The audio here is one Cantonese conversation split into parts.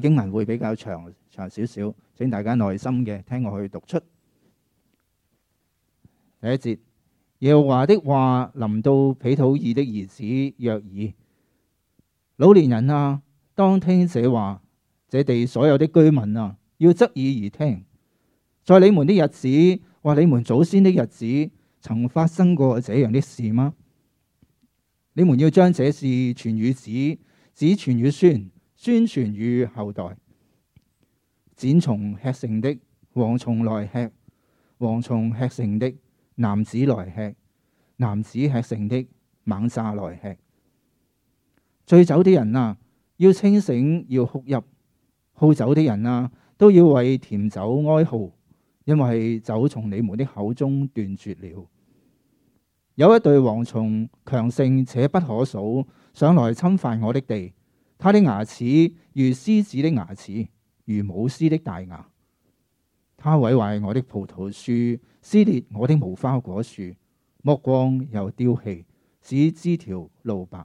經文會比較長，長少少，請大家耐心嘅聽我去讀出。第一節，耶和華的話臨到毗土珥的兒子約珥，老年人啊，當聽這話，這地所有的居民啊，要側耳而聽，在你們的日子或你們祖先的日子，曾發生過這樣的事嗎？你們要將這事傳與子，子傳與孫。尊傳於後代，展蟲吃剩的蝗蟲來吃，蝗蟲吃剩的男子來吃，男子吃剩的猛炸來吃。醉酒的人啊，要清醒，要哭泣；好酒的人啊，都要為甜酒哀號，因為酒從你們的口中斷絕了。有一隊蝗蟲，強盛且不可數，想來侵犯我的地。他的牙齒如獅子的牙齒，如母獅的大牙。他毀壞我的葡萄樹，撕裂我的無花果樹，目光又丟棄，使枝條露白。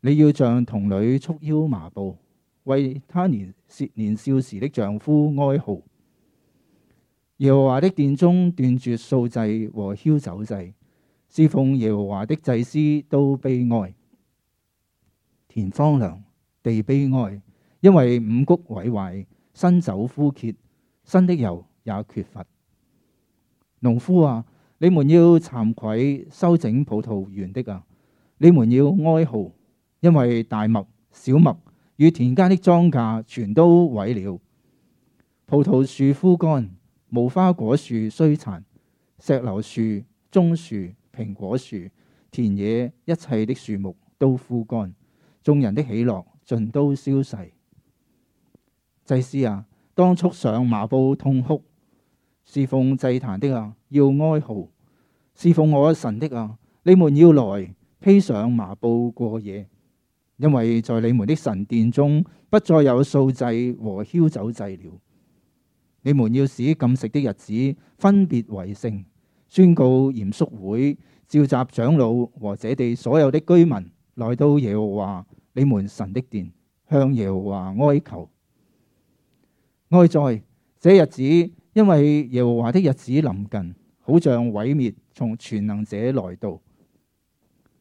你要像童女束腰麻布，為他年,年少時的丈夫哀號。耶和華的殿中斷絕素祭和澆酒祭，侍奉耶和華的祭司都悲哀。田荒涼，地悲哀，因為五穀毀壞，新酒枯竭，新的油也缺乏。農夫啊，你們要慚愧修整葡萄園的啊！你們要哀號，因為大麥、小麥與田間的莊稼全都毀了。葡萄樹枯乾，無花果樹衰殘，石榴樹、棕樹、蘋果樹、田野一切的樹木都枯乾。眾人的喜樂盡都消逝，祭司啊，當束上麻布痛哭；侍奉祭壇的啊，要哀嚎，侍奉我神的啊，你們要來披上麻布過夜，因為在你們的神殿中不再有素祭和澆酒祭了。你們要使禁食的日子分別為聖，宣告嚴肅會，召集長老和這地所有的居民。來到耶和華你們神的殿，向耶和華哀求，哀哉！這日子因為耶和華的日子臨近，好像毀滅從全能者來到。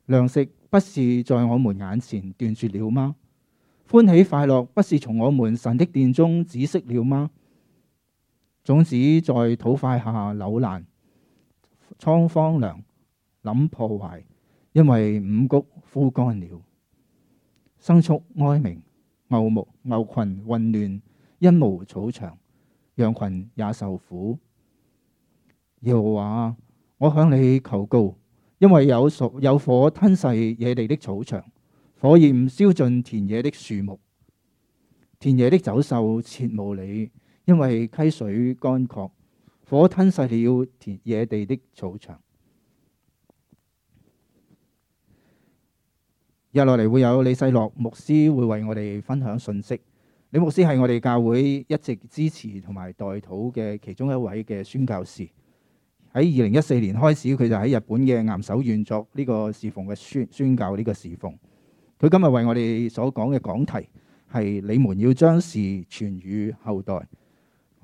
糧食不是在我們眼前斷絕了嗎？歡喜快樂不是從我們神的殿中止息了嗎？種子在土塊下朽爛，倉荒涼，廩破壞。因為五谷枯乾了，牲畜哀鳴，牛木牛群混亂，因無草場，羊群也受苦。耶和華，我向你求告，因為有屬有火吞噬野地的草場，火焰燒盡田野的樹木，田野的走獸切慕你，因為溪水乾涸，火吞噬了田野地的草場。日落嚟會有李世樂牧師會為我哋分享信息。李牧師係我哋教會一直支持同埋代禱嘅其中一位嘅宣教士。喺二零一四年開始，佢就喺日本嘅岩手縣作呢個侍奉嘅宣宣教呢個侍奉。佢今日為我哋所講嘅講題係：你們要將事傳與後代。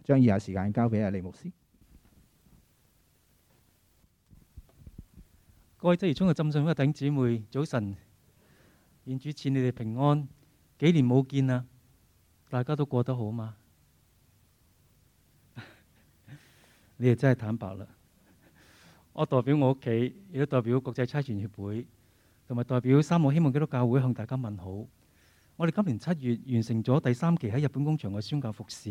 將以下時間交俾阿李牧師。各位職業中嘅浸信嘅弟兄姊妹，早晨。願主賜你哋平安，幾年冇見啦，大家都過得好嘛？你哋真係坦白啦！我代表我屋企，亦都代表國際差傳協會，同埋代表三和希望基督教會向大家問好。我哋今年七月完成咗第三期喺日本工場嘅宣教服侍。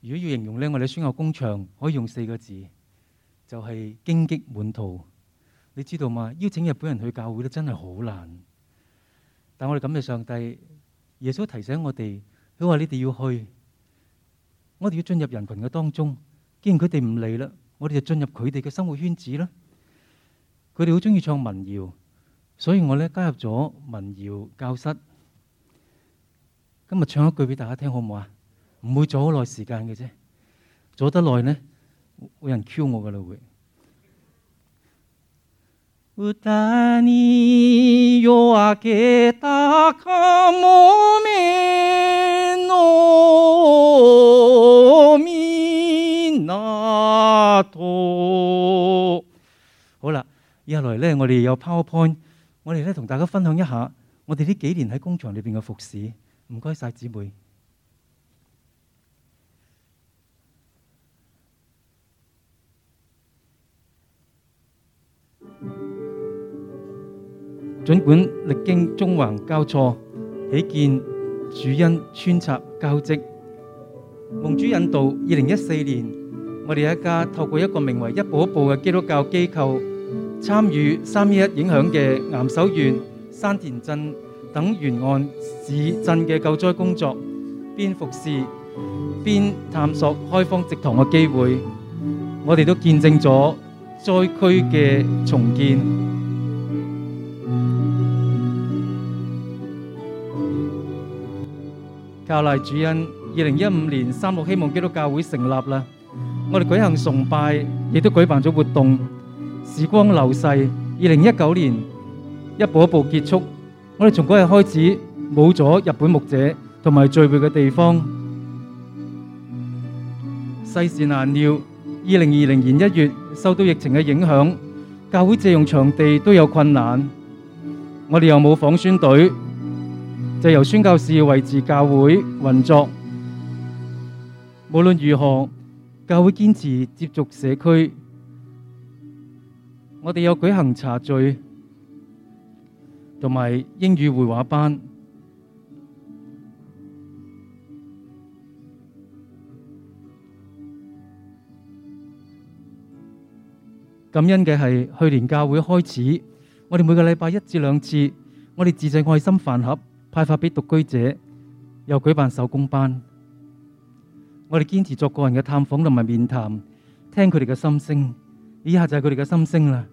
如果要形容呢，我哋宣教工場可以用四個字，就係荊棘滿途。你知道嘛？邀請日本人去教會咧，真係好難。但我哋感謝上帝，耶穌提醒我哋，佢話你哋要去，我哋要進入人群嘅當中。既然佢哋唔嚟啦，我哋就進入佢哋嘅生活圈子啦。佢哋好中意唱民謠，所以我咧加入咗民謠教室。今日唱一句俾大家聽，好唔好啊？唔會阻好耐時間嘅啫，阻得耐咧，會有人 Q 我噶啦會。好啦，接下來呢，我哋有 PowerPoint，我哋咧同大家分享一下，我哋呢幾年喺工場裏邊嘅服事。唔該晒，姊妹。盡管歷經縱橫交錯，喜見主恩穿插交織，蒙主引導，二零一四年我哋一家透過一個名為一步一步嘅基督教機構，參與三一一影響嘅岩手縣山田鎮等沿岸市鎮嘅救災工作，邊服侍邊探索開荒植堂嘅機會，我哋都見證咗災區嘅重建。教例主任，二零一五年三木希望基督教會成立啦，我哋舉行崇拜，亦都舉辦咗活動。時光流逝，二零一九年一步一步結束，我哋從嗰日開始冇咗日本牧者同埋聚會嘅地方。世事難料，二零二零年一月受到疫情嘅影響，教會借用場地都有困難，我哋又冇訪宣隊。就由宣教士維持教會運作。無論如何，教會堅持接觸社區。我哋有舉行茶聚同埋英語會話班。感恩嘅係去年教會開始，我哋每個禮拜一至兩次，我哋自製愛心飯盒。派發俾獨居者，又舉辦手工班。我哋堅持作個人嘅探訪同埋面談，聽佢哋嘅心聲。以下就係佢哋嘅心聲啦。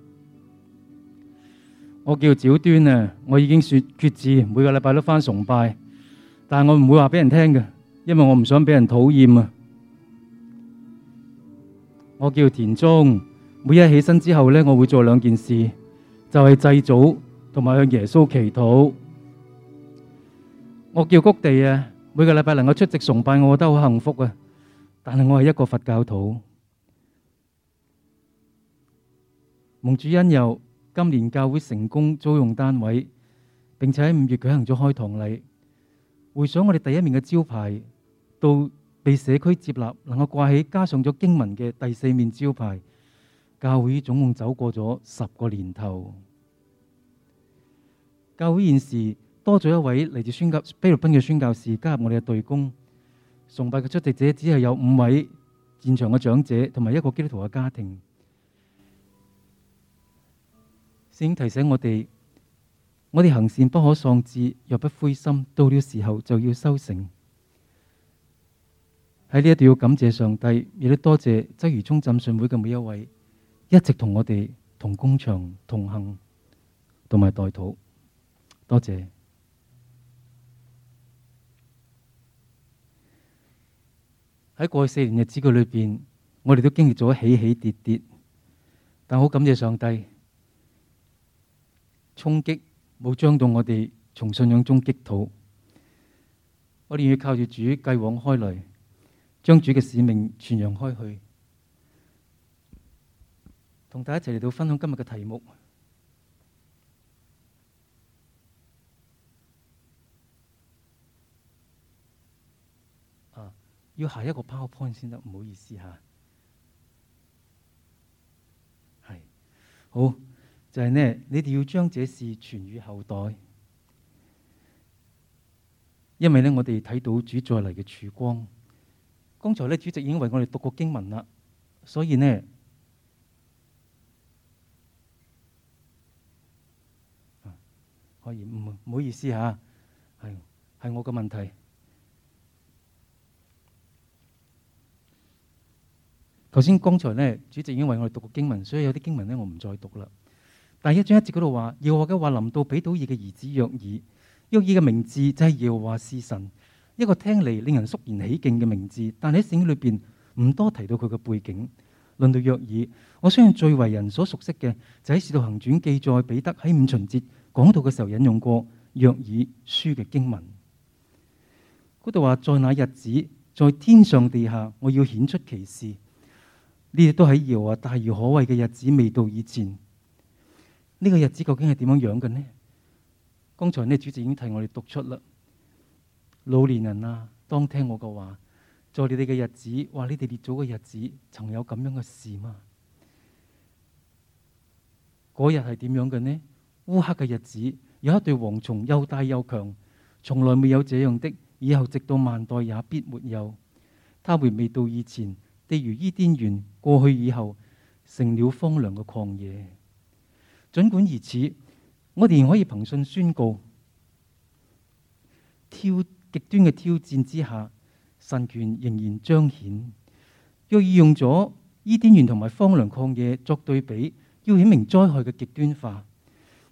我叫趙端啊，我已經說決志，每個禮拜都返崇拜，但係我唔會話俾人聽嘅，因為我唔想俾人討厭啊。我叫田中，每日起身之後咧，我會做兩件事，就係祭祖同埋向耶穌祈禱。我叫谷地啊，每個禮拜能夠出席崇拜，我覺得好幸福啊！但係我係一個佛教徒。蒙主恩佑，今年教會成功租用單位，並且喺五月舉行咗開堂禮。回想我哋第一面嘅招牌到被社區接納，能夠掛起加上咗經文嘅第四面招牌，教會總共走過咗十個年頭。教會現時多咗一位嚟自宣教菲律賓嘅宣教士加入我哋嘅隊工，崇拜嘅出席者只係有五位現場嘅長者同埋一個基督徒嘅家庭。先提醒我哋，我哋行善不可喪志，若不灰心，到了時候就要收成。喺呢一度要感謝上帝，亦都多謝鰂魚涌浸信會嘅每一位，一直同我哋同工場同行，同埋代禱，多謝。喺過去四年嘅資料裏面，我哋都經歷咗起起跌跌，但好感謝上帝，衝擊冇將到我哋從信仰中擊倒。我哋要靠住主繼往開來，將主嘅使命傳揚開去，同大家一齊嚟到分享今日嘅題目。要下一個 PowerPoint 先得，唔好意思哈。係，好，就係呢，你哋要將這事傳於後代，因為呢，我哋睇到主再嚟嘅曙光。剛才呢，主席已經為我哋讀過經文啦，所以呢，可以唔唔好意思哈，係係我嘅問題。頭先剛才咧，主席已經為我哋讀過經文，所以有啲經文咧我唔再讀啦。但係一章一節嗰度話，耶和華嘅話臨到比到二嘅兒子約爾，約爾嘅名字就係耶和華是神，一個聽嚟令人肅然起敬嘅名字。但係喺聖經裏邊唔多提到佢嘅背景。論到約爾，我相信最為人所熟悉嘅就喺《使徒行傳》記載彼得喺五旬節講道嘅時候引用過約爾書嘅經文。嗰度話：在那日子，在天上地下，我要顯出奇事。呢啲都喺遙啊，大而可畏嘅日子未到以前，呢、這個日子究竟係點樣樣嘅呢？剛才呢，主席已經替我哋讀出啦。老年人啊，當聽我嘅話，在你哋嘅日子，話你哋列祖嘅日子，曾有咁樣嘅事嘛？嗰日係點樣嘅呢？烏黑嘅日子，有一對蝗蟲又大又強，從來未有這樣的，以後直到萬代也必沒有。他會未到以前。例如伊甸園過去以後成了荒涼嘅曠野，盡管如此，我哋可以憑信宣告：挑極端嘅挑戰之下，神權仍然彰顯。若以用咗伊甸園同埋荒涼曠野作對比，要顯明災害嘅極端化。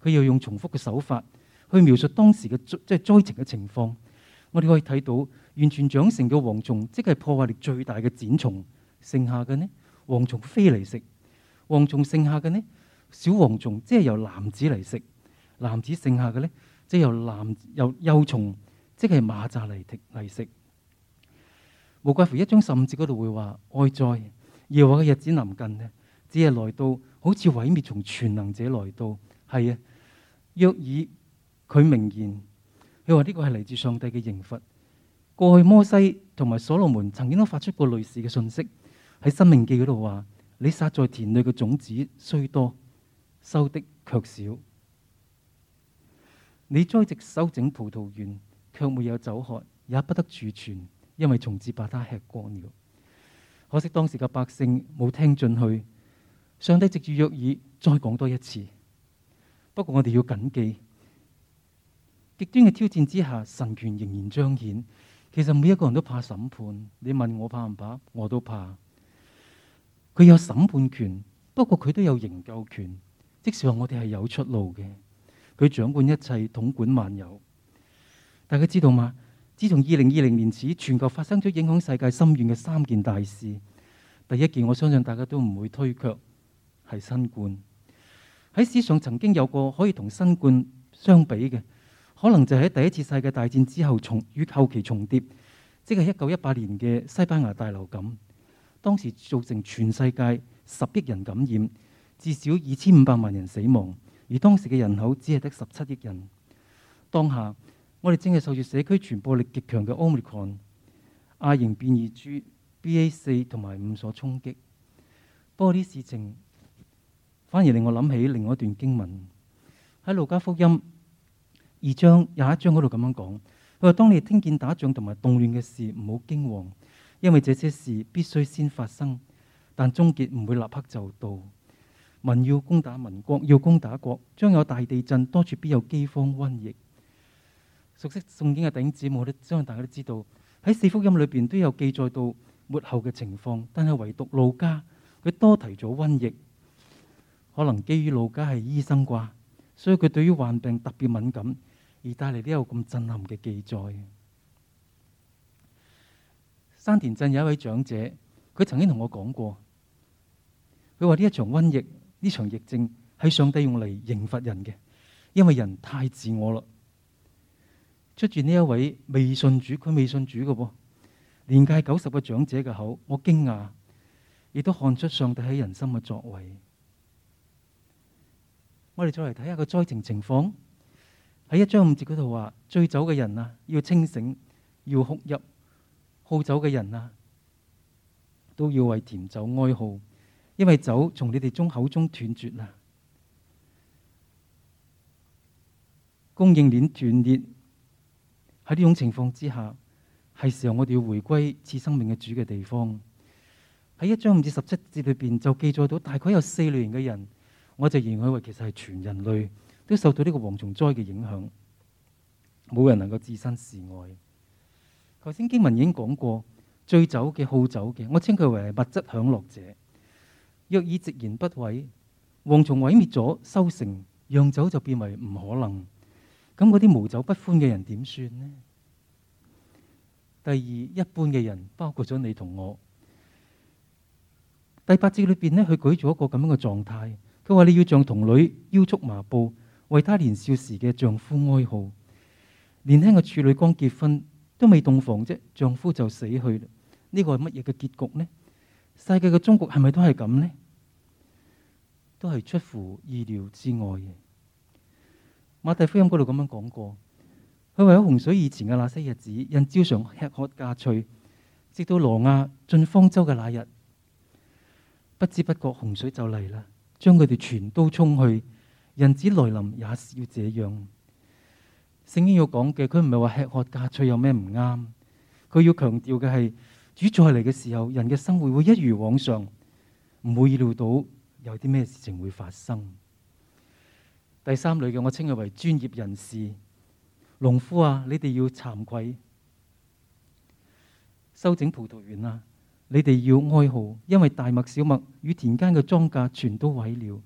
佢又用重複嘅手法去描述當時嘅即係災情嘅情況。我哋可以睇到完全長成嘅蝗蟲，即係破壞力最大嘅剪蟲。剩下嘅呢？蝗蟲飛嚟食，蝗蟲剩下嘅呢？小蝗蟲即係由蝻子嚟食，蝻子剩下嘅呢，即係由蝻由幼蟲，即係螞蚱嚟食。無怪乎一章十五節嗰度會話：哀哉，耶和華嘅日子臨近咧，只係來到，好似毀滅從全能者來到。係啊，約珥佢明言，佢話呢個係嚟自上帝嘅刑罰。過去摩西同埋所羅門曾經都發出過類似嘅信息。喺《申命記》嗰度話：你撒在田裏嘅種子雖多，收的卻少；你栽植、修整葡萄園，卻沒有酒喝，也不得儲存，因為蟲子把它吃乾了。可惜當時嘅百姓冇聽進去。上帝藉住約珥，再講多一次。不過我哋要謹記，極端嘅挑戰之下，神權仍然彰顯。其實每一個人都怕審判。你問我怕唔怕？我都怕。佢有審判權，不過佢都有營救權。即使我哋係有出路嘅，佢掌管一切，統管萬有。大家知道嗎？自從二零二零年始，全球發生咗影響世界深遠嘅三件大事。第一件，我相信大家都唔會推卻，係新冠。喺史上曾經有過可以同新冠相比嘅，可能就係第一次世界大戰之後重與後期重疊，即係一九一八年嘅西班牙大流感。當時造成全世界十億人感染，至少二千五百萬人死亡，而當時嘅人口只係得十七億人。當下我哋正係受住社區傳播力極強嘅 Omicron、亞型變異株 BA 四同埋五所衝擊。不過啲事情反而令我諗起另外一段經文，喺路加福音二章廿一章嗰度咁樣講：佢話當你聽見打仗同埋動亂嘅事，唔好驚惶。因為這些事必須先發生，但終結唔會立刻就到。民要攻打民國，要攻打國，將有大地震，多處必有飢荒瘟疫。熟悉聖經嘅弟兄姊妹，我相信大家都知道喺四福音裏邊都有記載到末後嘅情況，但係唯獨路加，佢多提咗瘟疫，可能基於路加係醫生啩，所以佢對於患病特別敏感，而帶嚟呢有咁震撼嘅記載。山田鎮有一位長者，佢曾經同我講過，佢話呢一場瘟疫，呢場疫症係上帝用嚟刑罰人嘅，因為人太自我啦。出住呢一位未信主，佢未信主嘅喎，年屆九十嘅長者嘅口，我驚訝，亦都看出上帝喺人心嘅作為。我哋再嚟睇下個災情情況，喺一章五節嗰度話醉酒嘅人啊，要清醒，要哭泣。好酒嘅人啊，都要為甜酒哀號，因為酒從你哋中口中斷絕啦、啊。供應鏈斷裂，喺呢種情況之下，係時候我哋要回歸賜生命嘅主嘅地方。喺一章五至十七節裏邊就記載到，大概有四類型嘅人，我就形容為其實係全人類都受到呢個蝗蟲災嘅影響，冇人能夠置身事外。頭先經文已經講過，醉酒嘅、好酒嘅，我稱佢為物質享樂者。若以直言不諱，蝗蟲毀滅咗，收成釀酒就變為唔可能。咁嗰啲無酒不歡嘅人點算呢？第二，一般嘅人，包括咗你同我。第八節裏邊咧，佢舉咗一個咁樣嘅狀態。佢話你要像童女腰束麻布，為她年少時嘅丈夫哀號。年輕嘅處女剛結婚。都未洞房啫，丈夫就死去啦！呢個係乜嘢嘅結局呢？世界嘅中國係咪都係咁呢？都係出乎意料之外嘅。馬太福音嗰度咁樣講過，佢為咗洪水以前嘅那些日子，人照常吃喝嫁娶，直到挪亞進方舟嘅那日，不知不覺洪水就嚟啦，將佢哋全都沖去。人子來臨也是要這樣。聖經要講嘅，佢唔係話吃喝嫁娶有咩唔啱，佢要強調嘅係主再嚟嘅時候，人嘅生活會一如往常，唔會意料到有啲咩事情會發生。第三類嘅我稱佢為專業人士，農夫啊，你哋要慚愧，修整葡萄園啊，你哋要哀號，因為大麥小麥與田間嘅莊稼全都毀了。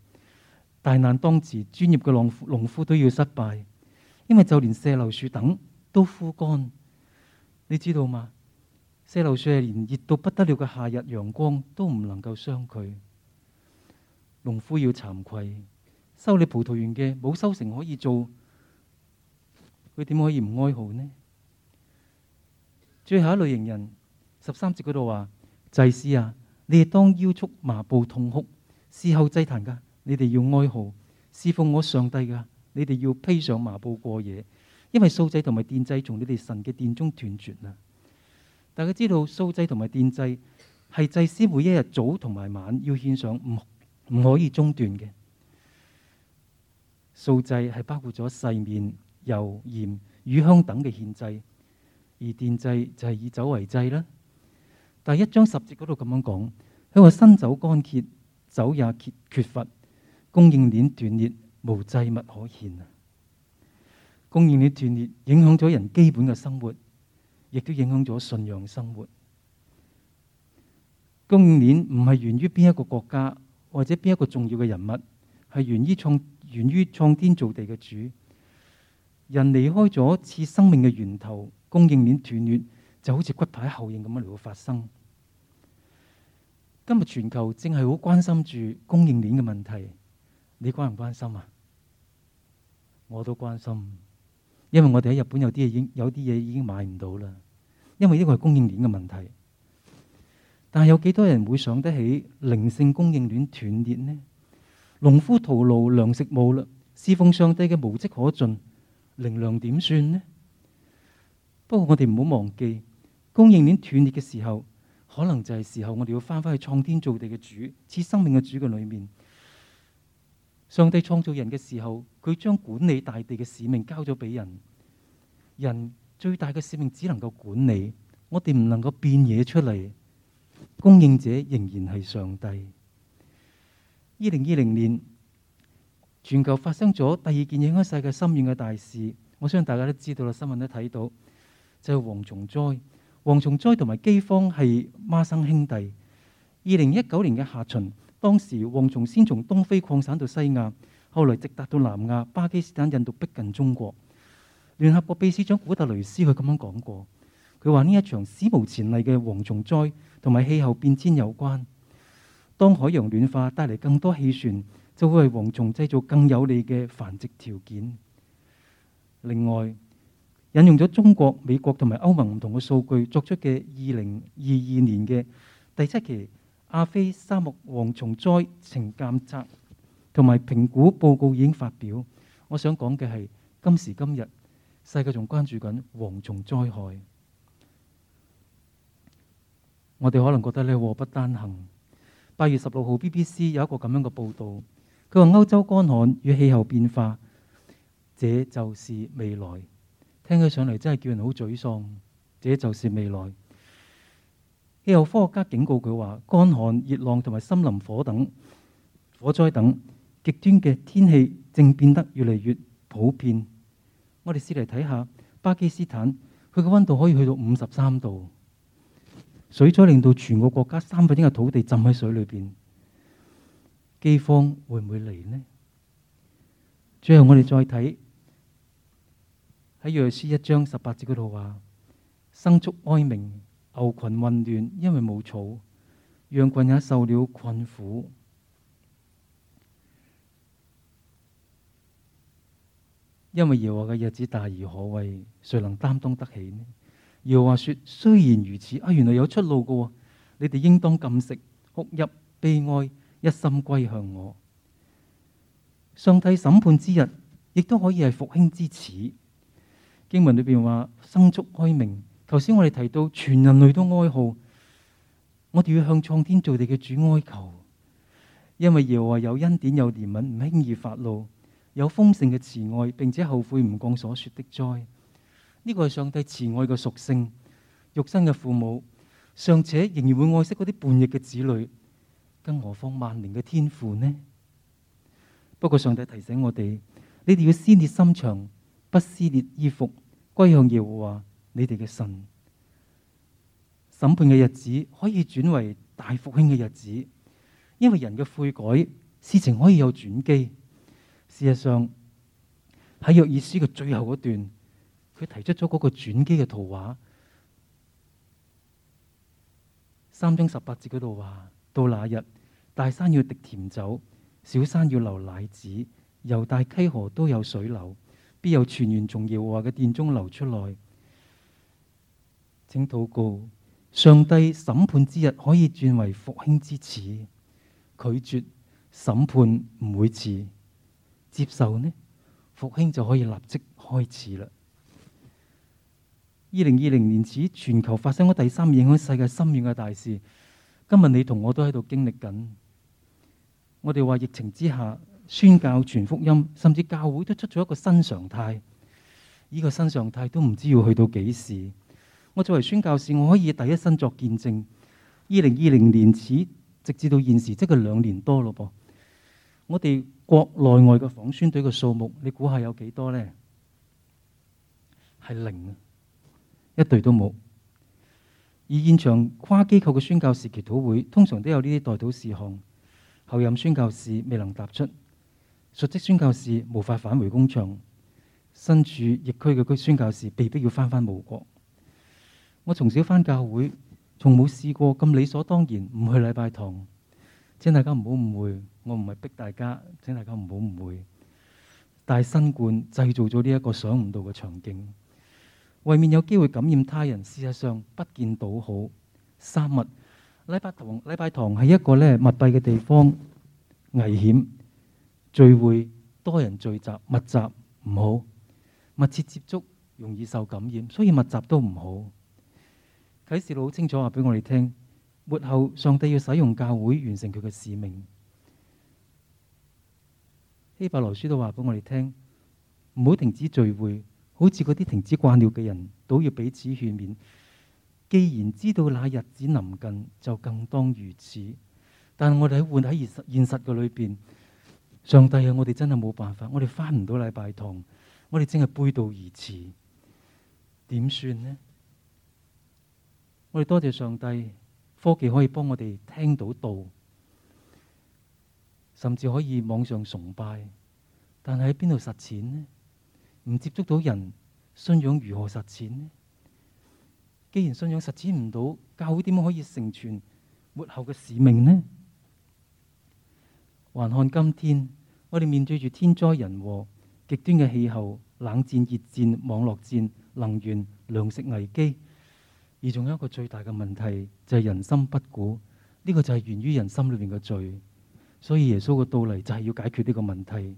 大難當時，專業嘅農農夫都要失敗。因為就連石榴樹等都枯乾，你知道嗎？石榴樹係連熱到不得了嘅夏日陽光都唔能夠傷佢，農夫要慚愧，修你葡萄園嘅冇收成可以做，佢點可以唔哀號呢？最後一類型人，十三節嗰度話：祭司啊，你哋當腰束麻布痛哭，事後祭壇噶，你哋要哀號，侍奉我上帝噶，你哋要披上麻布過夜，因為素祭同埋奠祭從你哋神嘅殿中斷絕啦。大家知道素祭同埋奠祭係祭司每一日早同埋晚要獻上，唔唔可以中斷嘅。素祭係包括咗細麵、油、鹽、乳香等嘅獻祭，而奠祭就係以酒為祭啦。但係一章十字嗰度咁樣講，佢話新酒乾竭，酒也缺缺乏，供應鏈斷裂。無祭物可獻啊！供應鏈斷裂影響咗人基本嘅生活，亦都影響咗信仰生活。供應鏈唔係源於邊一個國家或者邊一個重要嘅人物，係源於創源於創天造地嘅主。人離開咗賜生命嘅源頭，供應鏈斷裂就好似骨牌效應咁樣嚟，會發生。今日全球正係好關心住供應鏈嘅問題。你關唔關心啊？我都關心，因為我哋喺日本有啲嘢已經，有啲嘢已經買唔到啦。因為呢個係供應鏈嘅問題。但係有幾多人會想得起靈性供應鏈斷裂呢？農夫徒勞糧食無了，侍奉上帝嘅無跡可盡，靈糧點算呢？不過我哋唔好忘記，供應鏈斷裂嘅時候，可能就係時候我哋要翻返去創天造地嘅主，賜生命嘅主嘅裏面。上帝創造人嘅時候，佢將管理大地嘅使命交咗俾人。人最大嘅使命只能夠管理，我哋唔能夠變嘢出嚟。供應者仍然係上帝。二零二零年，全球發生咗第二件影響世界深遠嘅大事，我相信大家都知道啦，新聞都睇到，就係蝗蟲災。蝗蟲災同埋饑荒係孖生兄弟。二零一九年嘅下旬。當時蝗蟲先從東非擴散到西亞，後來直達到南亞、巴基斯坦、印度逼近中國。聯合國秘書長古特雷斯佢咁樣講過，佢話呢一場史無前例嘅蝗蟲災同埋氣候變遷有關。當海洋暖化帶嚟更多氣旋，就會為蝗蟲製造更有利嘅繁殖條件。另外，引用咗中國、美國同埋歐盟唔同嘅數據作出嘅二零二二年嘅第七期。亞非沙漠蝗蟲災情監測同埋評估報告已經發表。我想講嘅係今時今日，世界仲關注緊蝗蟲災害。我哋可能覺得咧，禍不單行。八月十六號 BBC 有一個咁樣嘅報導，佢話歐洲乾旱與氣候變化，這就是未來。聽起上嚟真係叫人好沮喪，這就是未來。氣候科學家警告佢話：乾旱、熱浪同埋森林火等火災等極端嘅天氣正變得越嚟越普遍。我們先來看看。我哋先嚟睇下巴基斯坦，佢嘅溫度可以去到五十三度，水災令到全個國家三分之一嘅土地浸喺水裏面。饑荒會唔會嚟呢？最後我哋再睇喺《約珥書》一章十八節嗰度話：生畜哀鳴。牛群混亂，因為冇草；羊群也受了困苦。因為耶和華嘅日子大而可畏，誰能擔當得起呢？耶和華說：雖然如此，啊，原來有出路嘅。你哋應當禁食、哭泣、悲哀，一心歸向我。上帝審判之日，亦都可以係復興之始。經文裏邊話：生畜開明。」頭先我哋提到全人類都哀號，我哋要向創天造地嘅主哀求，因為耶和華有恩典有憐憫，唔輕易發怒，有豐盛嘅慈愛，並且後悔唔降所說的災。呢個係上帝慈愛嘅屬性。肉身嘅父母尚且仍然會愛惜嗰啲叛逆嘅子女，更何況萬年嘅天父呢？不過上帝提醒我哋，你哋要撕裂心腸，不撕裂衣服，歸向耶和華。你哋嘅神審判嘅日子可以轉為大復興嘅日子，因為人嘅悔改事情可以有轉機。事實上喺約珥書嘅最後嗰段，佢提出咗嗰個轉機嘅圖畫。三章十八節嗰度話：到那日，大山要滴甜酒，小山要流奶子，猶大溪河都有水流，必有泉源從耶和華嘅殿中流出來。請禱告，上帝審判之日可以轉為復興之始。拒絕審判唔會遲，接受呢，復興就可以立即開始啦。二零二零年始，全球發生咗第三個影響世界深遠嘅大事。今日你同我都喺度經歷緊。我哋話疫情之下，宣教傳福音，甚至教會都出咗一個新常態。呢、這個新常態都唔知要去到幾時。我作為宣教士，我可以第一身作見證。二零二零年始，直至到現時，即係兩年多咯噃。我哋國內外嘅訪宣隊嘅數目，你估下有幾多咧？係零，一隊都冇。而現場跨機構嘅宣教士祈禱會，通常都有呢啲代禱事項。後任宣教士未能踏出，述職宣教士無法返回工場，身處疫區嘅宣教士被迫要翻返母國。我從小返教會，從冇試過咁理所當然唔去禮拜堂。請大家唔好誤會，我唔係逼大家，請大家唔好誤會。但係新冠製造咗呢一個想唔到嘅場景，為免有機會感染他人，事實上不見得好。三物禮拜堂，禮拜堂係一個呢密閉嘅地方，危險，聚會多人聚集，密集唔好，密切接觸容易受感染，所以密集都唔好。啟示錄好清楚話俾我哋聽，末後上帝要使用教會完成佢嘅使命。希伯來書都話俾我哋聽，唔好停止聚會，好似嗰啲停止慣了嘅人，都要彼此勸勉。既然知道那日子臨近，就更當如此。但我哋喺活喺現實嘅裏邊，上帝啊，我哋真係冇辦法，我哋返唔到禮拜堂，我哋真係背道而馳，點算呢？我哋多謝上帝，科技可以幫我哋聽到道，甚至可以網上崇拜，但係喺邊度實踐呢？唔接觸到人，信仰如何實踐呢？既然信仰實踐唔到，教會點樣可以成全末後嘅使命呢？還看今天，我哋面對住天災人禍、極端嘅氣候、冷戰、熱戰、網絡戰、能源、糧食危機。而仲有一個最大嘅問題就係、是、人心不古，呢、這個就係源於人心裏面嘅罪，所以耶穌嘅到嚟就係要解決呢個問題。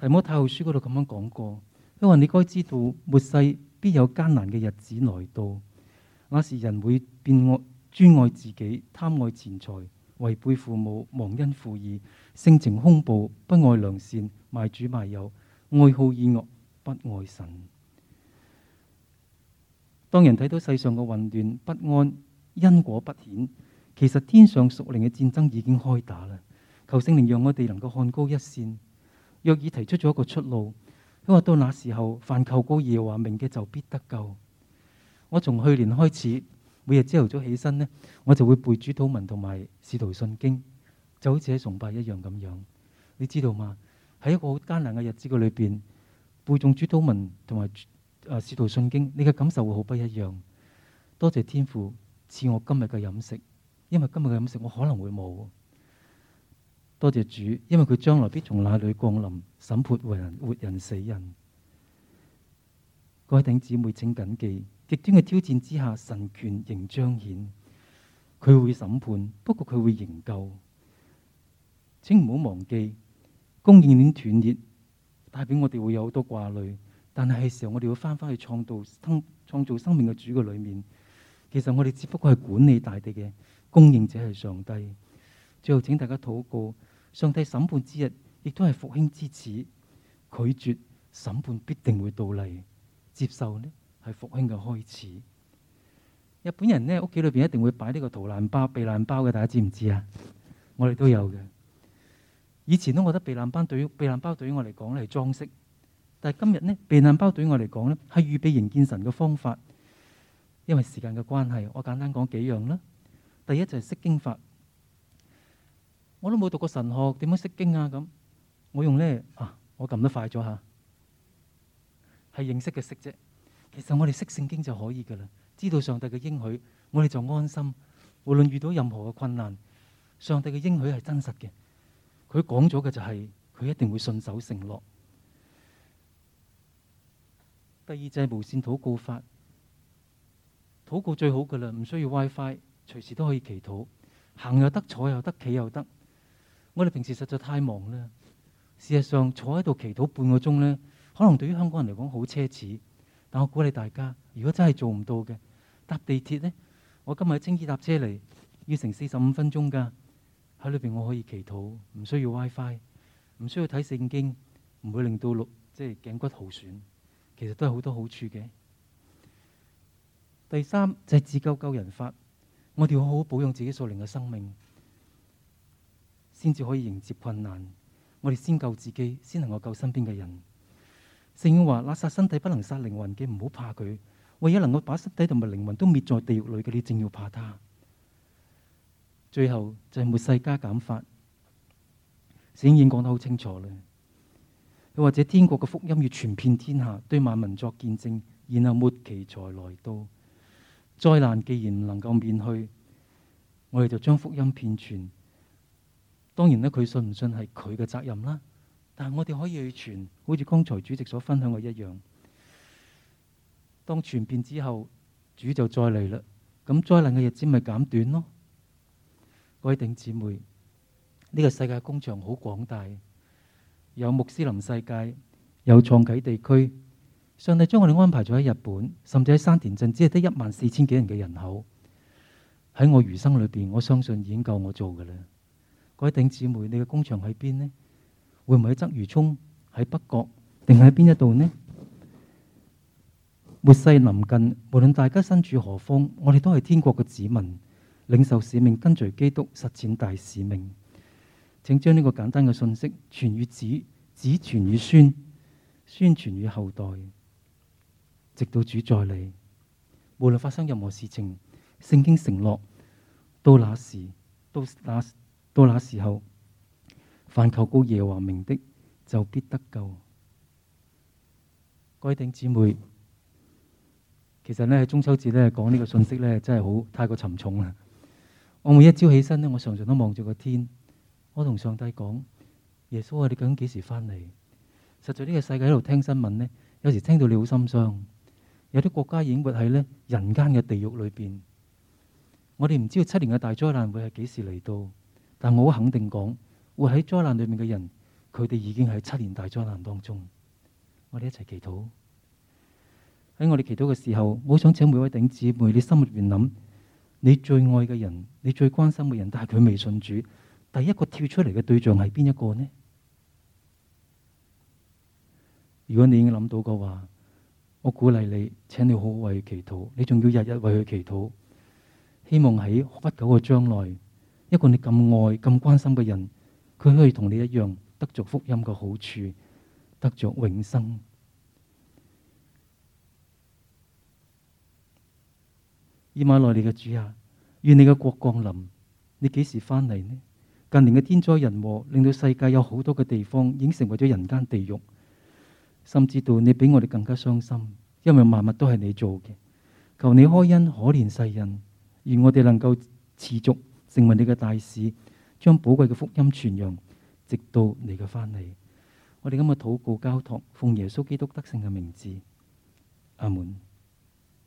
提摩太後書嗰度咁樣講過，因為你該知道末世必有艱難嘅日子來到，那時人會變愛專愛自己、貪愛錢財、違背父母、忘恩負義、性情兇暴、不愛良善、賣主賣友、愛好惡不愛神。當人睇到世上嘅混亂不安、因果不顯，其實天上屬靈嘅戰爭已經開打啦。求聖靈讓我哋能夠看高一線，若已提出咗一個出路，因為到那時候，凡求告耶和華名嘅就必得救。我從去年開始，每日朝頭早起身呢，我就會背主禱文同埋使徒信經，就好似喺崇拜一樣咁樣。你知道嗎？喺一個好艱難嘅日子嘅裏邊，背誦主禱文同埋。啊！使徒信經，你嘅感受會好不一樣。多謝天父賜我今日嘅飲食，因為今日嘅飲食我可能會冇。多謝主，因為佢將來必從那裡降臨審判活人、活人死人。各位姊妹，請謹記極端嘅挑戰之下，神權仍彰顯。佢會審判，不過佢會營救。請唔好忘記供應鏈斷裂，代表我哋會有好多掛慮。但係係時候，我哋要翻翻去創造生創造生命嘅主嘅裏面。其實我哋只不過係管理大地嘅，供應者係上帝。最後請大家禱告，上帝審判之日亦都係復興之始。拒絕審判必定會到嚟，接受呢係復興嘅開始。日本人呢屋企裏邊一定會擺呢個逃難包、避難包嘅，大家知唔知啊？我哋都有嘅。以前都覺得避難包對於避難包對於我嚟講咧係裝飾。但係今日呢，避難包對於我嚟講呢，係預備迎見神嘅方法。因為時間嘅關係，我簡單講幾樣啦。第一就係識經法，我都冇讀過神學，點樣識經啊？咁我用呢，啊，我撳得快咗嚇，係認識嘅識啫。其實我哋識聖經就可以噶啦，知道上帝嘅應許，我哋就安心。無論遇到任何嘅困難，上帝嘅應許係真實嘅。佢講咗嘅就係、是，佢一定會信守承諾。第二就係無線禱告法，禱告最好噶啦，唔需要 WiFi，隨時都可以祈禱，行又得，坐又得，企又得。我哋平時實在太忙啦。事實上，坐喺度祈禱半個鐘呢，可能對於香港人嚟講好奢侈。但我鼓勵大家，如果真係做唔到嘅，搭地鐵呢，我今日青衣搭車嚟，要成四十五分鐘噶，喺裏邊我可以祈禱，唔需要 WiFi，唔需要睇聖經，唔會令到六即係頸骨勞損。其實都係好多好處嘅。第三就係自救救人法，我哋要好好保養自己所領嘅生命，先至可以迎接困難。我哋先救自己，先能夠救身邊嘅人說。聖言話：那殺身體不能殺靈魂嘅，唔好怕佢。唯一能夠把身體同埋靈魂都滅在地獄裏嘅，你正要怕他。最後就係末世加減法，聖言已經講得好清楚啦。又或者天國嘅福音要傳遍天下，對萬民作見證，然後末期才來到。災難既然唔能夠免去，我哋就將福音遍傳。當然呢，佢信唔信係佢嘅責任啦。但係我哋可以去傳，好似剛才主席所分享嘅一樣。當傳遍之後，主就再嚟啦。咁災難嘅日子咪減短咯。各位弟兄姊妹，呢個世界工場好廣大。有穆斯林世界，有創啟地區，上帝將我哋安排咗喺日本，甚至喺山田鎮，只係得一萬四千幾人嘅人口。喺我餘生裏邊，我相信已經夠我做嘅啦。各位弟兄姊妹，你嘅工場喺邊呢？會唔會喺鰂魚涌？喺北角？定喺邊一度呢？末世臨近，無論大家身處何方，我哋都係天國嘅子民，領受使命，跟隨基督，實踐大使命。請將呢個簡單嘅信息傳於子，子傳於孫，孫傳於後代，直到主再嚟。無論發生任何事情，聖經承諾，到那時，到那時，到那時候，凡求告耶和華明的就必得救。各位姊妹，其實呢，喺中秋節呢，講呢個信息呢，真係好，太過沉重啦。我每一朝起身呢，我常常都望住個天。我同上帝講，耶穌啊，你究竟幾時翻嚟？實在呢個世界喺度聽新聞呢，有時聽到你好心傷。有啲國家已經活喺呢人間嘅地獄裏邊。我哋唔知道七年嘅大災難會係幾時嚟到，但我好肯定講，活喺災難裏面嘅人，佢哋已經喺七年大災難當中。我哋一齊祈禱。喺我哋祈禱嘅時候，我想請每位頂姊妹，你心入面諗，你最愛嘅人，你最關心嘅人都係佢未信主。第一個跳出嚟嘅對象係邊一個呢？如果你已經諗到嘅話，我鼓勵你，請你好好為佢祈禱，你仲要日日為佢祈禱，希望喺不久嘅將來，一個你咁愛、咁關心嘅人，佢可以同你一樣得着福音嘅好處，得着永生。以馬內利嘅主啊，願你嘅國降臨，你幾時返嚟呢？近年嘅天災人禍，令到世界有好多嘅地方已經成為咗人間地獄。甚至到你比我哋更加傷心，因為萬物都係你做嘅。求你開恩可憐世人，願我哋能夠持續成為你嘅大使，將寶貴嘅福音傳揚，直到你嘅翻嚟。我哋今日禱告交託，奉耶穌基督得勝嘅名字，阿門。